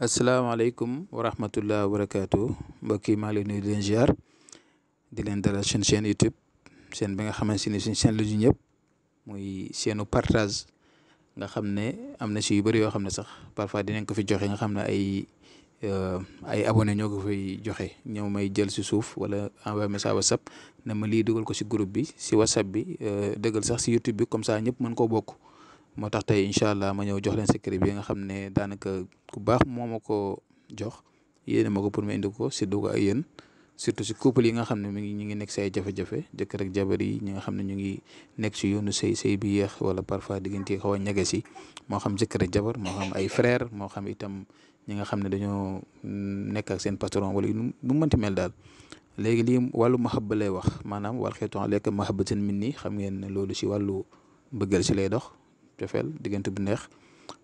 asalaamaaleykum wa rahmatullah wa barakaatu mbokk yi maa ngi leen nuyu di leen ziar di leen dalal seen YouTube seen bi nga xamante ni suñ chaîne la ñu ñëpp muy seenu partage nga xam ne am na si yu bëri yoo xam ne sax parfois dinañ ko fi joxe nga xam ne ay euh, ay abonné ñoo ko fi joxe ñoo may jël si suuf wala envoyé message WhatsApp na ma lii dugal ko si groupe bi si WhatsApp bi euh, dëggal sax si YouTube bi comme sax ñëpp mën koo bokk. moo tax tey incha allah ma ñëw jox leen secret bi nga xam ne daanaka ku baax moo ma ko jox yéene ma ko pour ma indi ko séddoo ko ak yéen surtout si couple yi nga xam ne mi ngi ñu ngi nekk si ay jafe-jafe jëkkër ak jabar yi ñi nga xam ne ñu ngi nekk si yoonu sëy sëy bi yéex wala parfois diggante xaw a ñege si moo xam jëkkër ak jabar moo xam ay frère moo xam itam ñi nga xam ne dañoo nekk ak seen patron wala nu mu mënti mel daal léegi lii wàllu mahaba lay wax maanaam wal xeetu aleyka mahabatin min xam ngeen ne loolu si wàllu mbëggal si lay dox cofeel diggante bu neex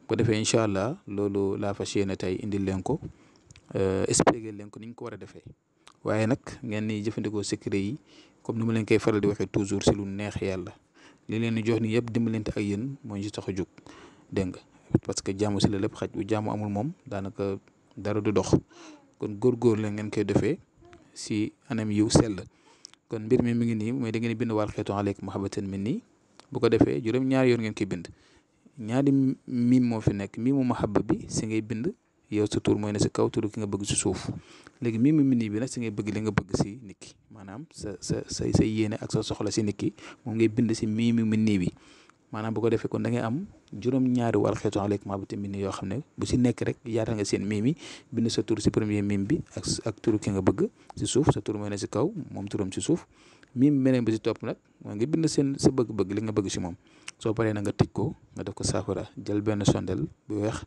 bu ko defee incha allah loolu laa fas yéene tey indil leen ko euh, expliquer leen ko ni ñu ko war a defee waaye nag ngeen ni jëfandikoo secret yi comme ni ma leen koy faral di waxee toujours si lu neex yàlla li leen di jox ni yëpp dimbalante ay yéen moo ñu si tax a jóg dégg nga parce que jaamu si la lépp xaj u jaamu amul moom daanaka dara du dox kon góorgóor la ngeen koy defee si anam yiw sell kon mbir mi mi ngi nii mooy da ngeen bind wàll xeetu aleykum mahabatan bu ko defee juróom ñaari yoon ngeen koy bind ñaari mim moo fi nekk mimu mahabba bi si ngay bind yow sa tur mooy ne sa kaw tur ki nga bëgg si suuf léegi mimu mini bi nag si ngay bëgg li nga bëgg si nit maanaam sa sa sa sa yéene ak sa soxla si nit moom ngay bind si mimu mini bi maanaam bu ko defee kon da ngay am juróom ñaari wal xeetu alek ma bati mini yoo xam ne bu si nekk rek yaatal nga seen mimi bind sa tur si premier mim bi ak ak tur ki nga bëgg si suuf sa tur mooy ne si kaw moom turam si suuf miim beneen bi si topp nag mooy nga bind seen sa bëgg-bëgg li nga bëgg ci moom soo paree na nga tëj ko nga def ko saafara jël benn sondel bu weex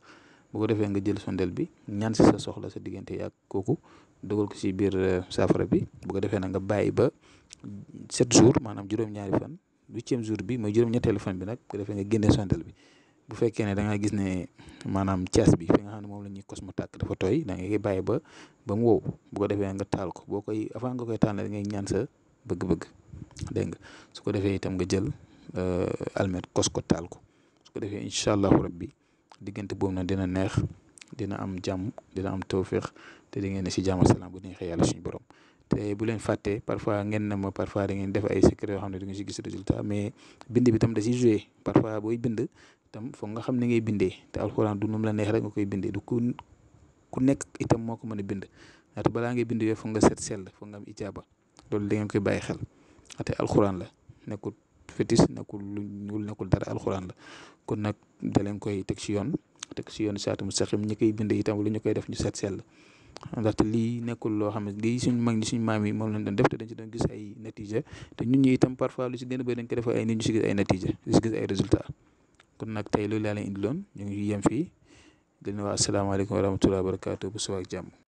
bu ko defee nga jël sondel bi ñaan ci sa soxla sa diggante ak kooku dugal ko ci biir euh, saafara bi bu ko defee na nga bàyyi ba sept jours maanaam juróom-ñaari fan huitième jour bi mooy juróom-ñetteelu fan bi nag bu ko nga génnee sondel bi bu fekkee ne gis ne maanaam caas bi fi nga xam ne moom la ñuy kos mu tàkk dafa tooy da ngay bàyyi ba ba mu wow bu ko defee nga taal ko boo koy avant nga koy taal da ngay ñaan sa bëgg-bëgg dégg nga su ko defee itam nga jël euh, almet kos ko taal ko su ko defee incha allahu rabbi diggante boobu nag dina neex dina am jàmm dina am tawféex te di ngeen ne si jàmm ak salaam bu neexee yàlla suñu borom te bu leen fàttee parfois ngeen na ma parfois da ngeen def ay secret yoo xam ne du ngeen si gis résultat mais bind bi tam da siy joué booy bind tam foog nga xam ne ngay bindee te alxuraan du nu la neex rek nga koy bindee du ku ku nekk itam moo ko mën a bind ndaxte balaa ngay bind yooyu foog nga set sell foog nga am ijaaba loolu da ngeen koy bàyyi xel ate alxuraan la nekkul fétis nekkul lu ñuul nekkul dara alxuraan la kon nag da leen koy teg ci yoon teg ci yoon saatu mustaqim ñi koy bind itam lu ñu koy def ñu seet seet la lii nekkul loo xam ne lii suñ mag ñi suñ maam yi moom lañ doon def te dañ ci doon gis ay natija te ñun ñi itam parfois lu ci gën a bëri dañ ko ay nit ñu gis ay natija lu ci gis ay résultat kon nag tey loolu laa leen indiloon ñu ngi yem fii dina waa asalaamaaleykum wa rahmatulah wa barakaatu bu suba ak jàmm